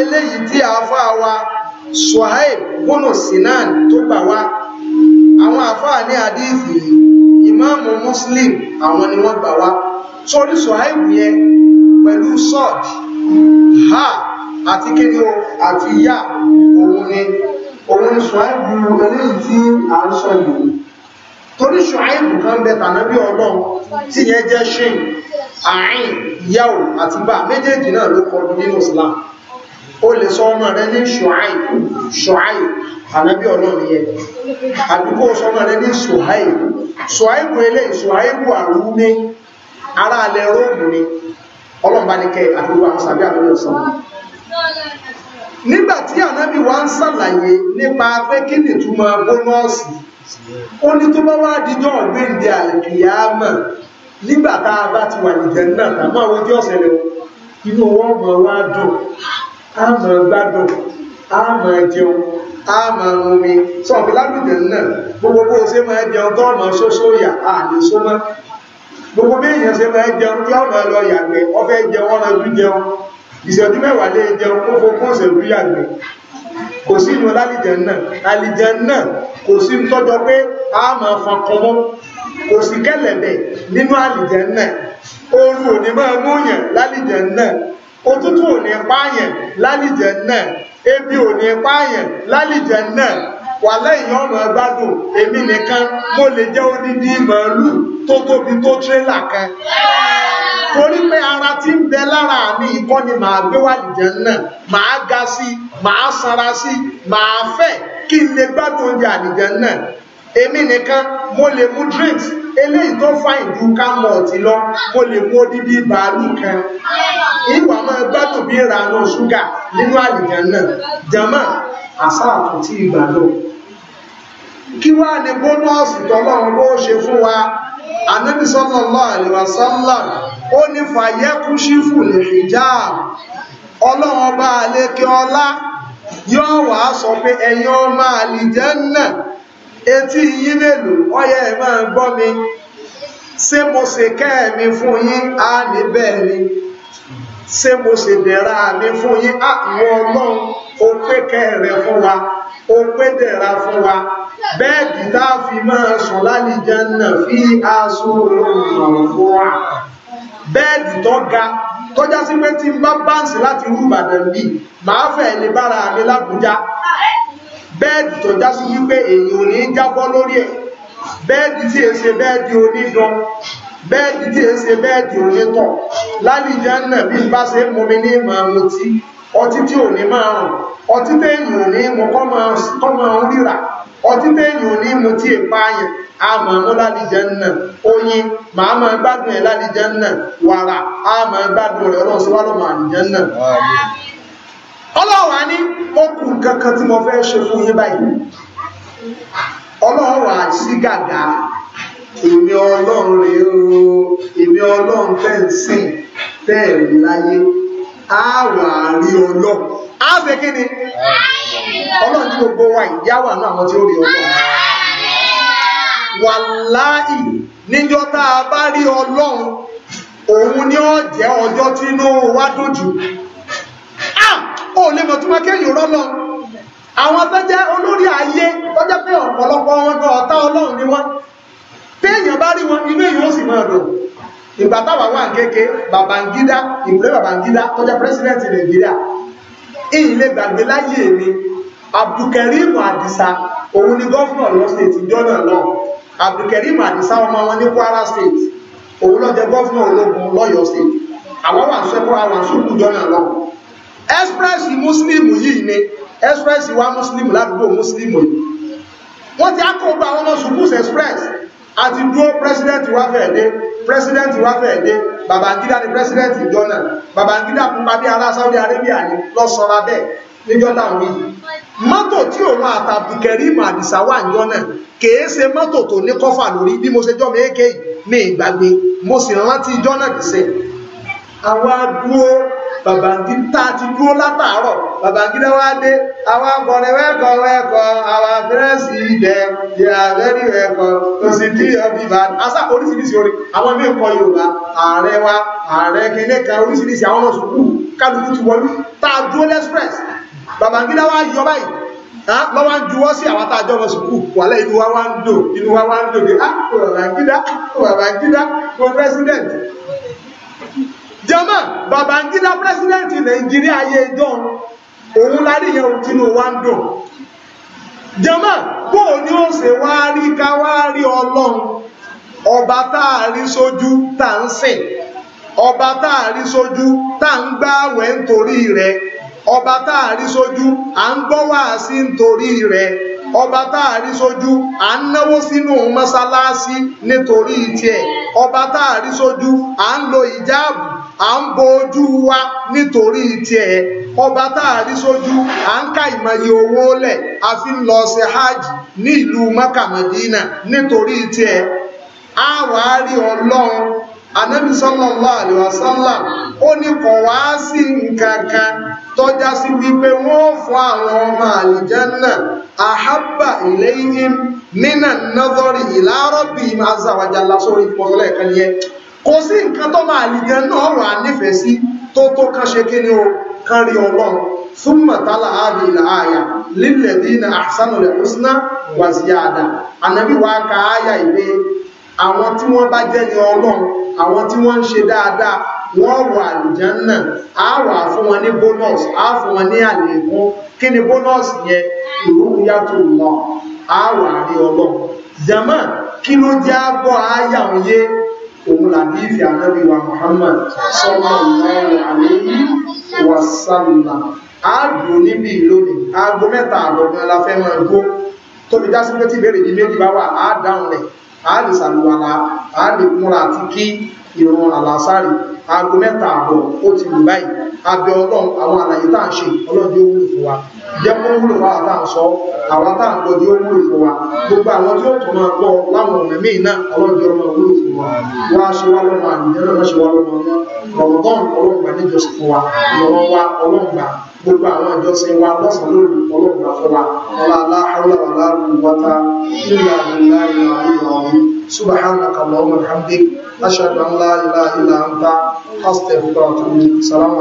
eléyìí tí àáfà wa Suhaib bùnú Sinan tó gbà wá àwọn àáfà ní hadith yìí ìmáàmù Muslim àwọn ni wọ́n gbà wá sórí Suhaib yẹn pẹ̀lú sọ́ọ̀dì ha àti kí ni o àti yá òun ni òun ni ṣùáìbù eléyìí tí a ń sọ yìí torí ṣùáìbù kan bẹ tànábí ọlọ́run tí yẹn jẹ́ ṣìn àárín yàwó àti bá méjèèjì náà ló kọlu nínú Islam ó lè sọ ọmọ rẹ ní ṣùáìbù ṣùáìbù tànábí ọlọ́run yẹn àdúgbò sọ rẹ ní ṣùáìbù ṣùáìbù ni nígbà tí ànábì wa ń ṣàlàyé nípa pé kí ni túmọ̀ bónọ́ọ̀sì ó ní tó bá wá díjọ́ ọ̀gbẹ́ǹde àlùkìyàmọ̀ nígbà tá a bá ti wà nìjẹ́ náà tàbí àwọn ojú ọ̀sẹ̀ lẹ́wọ̀ inú wọn mọ̀ wá dùn á mọ̀ gbádùn á mọ̀ jẹun á mọ̀ mumi sọ̀bí lábìjẹ́ náà gbogbo bó ṣe máa jẹun tó ọmọ ṣoṣo yà á lè so mọ́ gbogbo bí èèyàn ṣe máa jẹun tí ọmọ lọ yàgbẹ́ ọ fẹ́ jẹun ọ̀nà ju jẹun ìṣẹ́jú mẹ́wàá lè jẹun kó fún fún òṣèlú yàgbẹ́ kò sí inú lálìjẹ náà àlìjẹ náà kò sí tọ́jọ pé a máa fọn kọmọ́ kò sí kẹ́lẹ̀bẹ̀ nínú àlìjẹ náà ooru òní máa múyàn lálìjẹ náà òtútù òní pààyàn lálìjẹ náà ebi òní pààyàn lálìjẹ náà wà lẹ́yìn ọ̀nà gbádùn èmi nìkan mo lè jẹ́ odidi màálù tó tóbi tó tírélà kan torí pé ara tí ń bẹ lára mi ìkọ́ ni màá gbé wà lìjẹ́ náà màá ga sí màá sanra sí màá fẹ̀ kí n lè gbádùn oúnjẹ àlìjẹ́ náà èmi nìkan mo lè mú drinks eléyìí tó fàyìn ju kámọ̀tì lọ mo lè mú odidi bàálù kan ìwà máa gbádùn bí ìrànà ṣúgà nínú àlìjẹ́ náà jẹ́mọ́ àsáàkù tí ìgbàlò kí wá ní bónọ́ọ̀sì tọ́lọ́run bó ṣe fún wa Ànábì sallallahu alaihi wasallam ó ní fàyẹ́kú ṣífù lè hijab ọlọ́run ọba àlékè ọlá yóò wá sọ pé ẹ̀yin ọmọ àlìjẹ́nnà etí yín mélòó ọyẹ ẹ̀ máa gbọ́ mi ṣé mo ṣe kẹ́ mi fún yín á ní bẹ́ẹ̀ ni. Beli ṣé mo ṣe dẹ̀ra mi fún yín á ah, ìwọ ọlọ́run ó pé kẹrẹ fún wa ó pé dẹ̀ra fún wa bẹ́ẹ̀dì tá a fi máa sùn lálìjẹ́ náà fi aṣọ òòrùn fún wa bẹ́ẹ̀dì tó ga tọ́já sí pé tí n bá báǹsì láti rú ìbàdàn bí màá fẹ́ lè bára mi lábújá bẹ́ẹ̀dì tọ́já sí wípé èyí ò ní jábọ́ lórí ẹ̀ bẹ́ẹ̀dì tí èsè bẹ́ẹ̀dì onídán bẹ́ẹ̀dì tí è ṣe bẹ́ẹ̀dì onítọ̀ lálìjá náà bí bá ṣe mú mi ní ìmọ̀ àwọn tí ọtí tí ò ní máa rùn ọtí tẹ́yìn ò ní mú kọ́mọ ń ríra ọtí tẹ́yìn ò ní mú tí ìpáyàn àmọ́ mú lálìjá náà oyin màá máa gbádùn ẹ̀ lálìjá náà wàrà àmọ́ gbádùn rẹ̀ ọlọ́run sí wà lọ́mọ àlìjá náà ọlọ́wà ní okùn kankan tí mo fẹ́ ṣe fún yín báyìí ọlọ́wà èmi ọlọ́run rèé o èmi ọlọ́run tẹ̀ ń rí láyé á wà á rí ọlọ́run á ṣe kí ni ọlọ́run tí gbogbo wa ìyá wà náà àwọn tí ó rí ọlọ́run wàláì tá a bá rí ọlọ́run òun ni ó jẹ́ ọjọ́ tí inú wa lè mọ̀ tí wọ́n ọlọ́run téèyàn bá rí wọn inú èyàn ó sì máa dùn ìgbà táwa wà kéke Babangida ìwúlẹ̀ Babangida tó jẹ́ pírẹsidẹ́ǹtì Nàìjíríà ìyìn lè gbàgbé láyé mi Abdulkarim Adisa òun ni gọ́fúnà lọ stéètì jọ́nà lọ Abdulkarim Adisa ọmọ wọn ní Kwara stéètì òun ló jẹ́ gọ́fúnà ológun lọ́yọ̀ stéètì àwọn wà sẹ́kọ̀ọ́ àwọn sùkú jọ́nà lọ express muslim yìí ni express wa muslim ládùúgbò muslim yìí wọ́n ti á kó gba àwọn ọmọ sùkú express àti dúró president wa fẹ́ dé president wa fẹ́ dé Babangida ni president ìjọ náà Babangida pupa bí ará Saudi Arabia ni lọ sọra bẹ́ẹ̀ níjọ́ táwọn yìí mọ́tò tí òun àtàbùkẹ́rì màdìsá wà níjọ́ náà kèé ṣe mọ́tò tó ní kọ́fà lórí bí mo ṣe jọ́ mi èké yìí mi ìgbàgbé mo sì rántí ìjọ́ kìí ṣe àwa dúró babangida tá a ti dúró látàárọ̀ babangida wá dé àwọn akọrin wẹ́kọ̀ wẹ́kọ̀ àwọn abẹ́rẹ́sì ilẹ̀ ìyàbẹ́rì wẹ́kọ̀ tó sì dí ọbí bá asá oríṣiríṣi orin àwọn ilé ìkọ yorùbá ààrẹ wa ààrẹ kẹlẹ kan oríṣiríṣi àwọn ọmọ sùkúù kálukú ti wọlú tá a dúró lẹ́sprẹ́s babangida wá yọ báyìí lọ wá ń juwọ́ sí àwọn àtàjọ́ ọmọ sùkú wàlẹ́ inú wa wá ń dò inú wa wá ń dò pé ah babangida babangida for president jama Babangida president Nàìjíríà yẹ ẹjọ́ òun lárí yẹn tinú wa ń dùn jama bó o ní ó ṣe wá rí ká wá rí Ọlọ́run ọba tá a rí sójú tá ń sìn ọba tá a rí sójú tá ń gbààwẹ̀ nítorí rẹ̀ ọba tá a rí sójú à ń gbọ́ wáàsí nítorí rẹ̀ ọba tá a rí sójú à ń náwó sínú mọ́sálásí nítorí tiẹ̀ ọba tá a rí sójú à ń lo ìjáàbù à ń bo ojú wa nítorí tiẹ̀ ọba táàrí sójú à ń ka ìmọye owó lẹ̀ a fi ń lọ hajj ní ìlú Mẹ́kà nítorí tiẹ̀ á rí ọlọ́run anabi sallallahu alaihi ó ní kọ̀ wá sí nǹkan kan wípé ila kò sí nǹkan tó máa lè jẹun náà wà nífẹ̀ẹ́ sí tó tó kan ṣe kí ni o kan rí ọlọ́run fún mọ̀tálà àbí ìlàáyà lílẹ̀ dínà àṣánulẹ̀ òsínà wà sí àdá ànábì wá ka áyà ìwé àwọn tí wọ́n bá jẹ́ ní ọlọ́run àwọn tí wọ́n ń ṣe dáadáa wọ́n wà àlùjánà á wà fún wọn ní bónọ́ọ̀sì á fún wọn ní àlékún kí ni bónọ́ọ̀sì yẹn ìrúkú yàtọ̀ lọ á wà rí ọlọ́run jama kí ló jẹ́ àbọ̀ áyà òye òun làdífì ànábì wa Muhammad sallallahu alayhi wa sallam àádùn níbi lónìí aago mẹ́ta àdọ́gbọ́n la fẹ́ máa gbó tóbi já sí pé tí ìbéèrè ní méjì bá wà á dáhùn rẹ̀ á lè sàlùwàlà á lè múra àti kí ìrun àlàsárì aago mẹ́ta àbọ̀ ó ti lù báyìí abẹ ọlọ́run àwọn àlàyé tá à ń ṣe ọlọ́run yóò wúlò fún wa jẹ́ kó wúlò fún àwọn tá à ń sọ àwọn tá à ń gbọ́dọ̀ yóò wúlò fún wa gbogbo àwọn tí ó tún máa gbọ́ láwọn ọ̀nà míì náà ọlọ́run yóò máa wúlò fún wa wá ṣe wá lọ́mọ àdìyẹ náà má ṣe wá lọ́mọ náà rọ̀mọ́gán ọlọ́run gbà níjọsìn fún wa ìrọ̀rọ̀ wa ọlọ́run gbà gbogbo àwọn ìjọsìn wa lọ́sàn lórí ọlọ́run àfọwà ọlọ́lá àwọlọ́wà láàrin wata nílà nílà ìlà ìlà ọ̀hún subhanaka allahumma hamdik ashhadu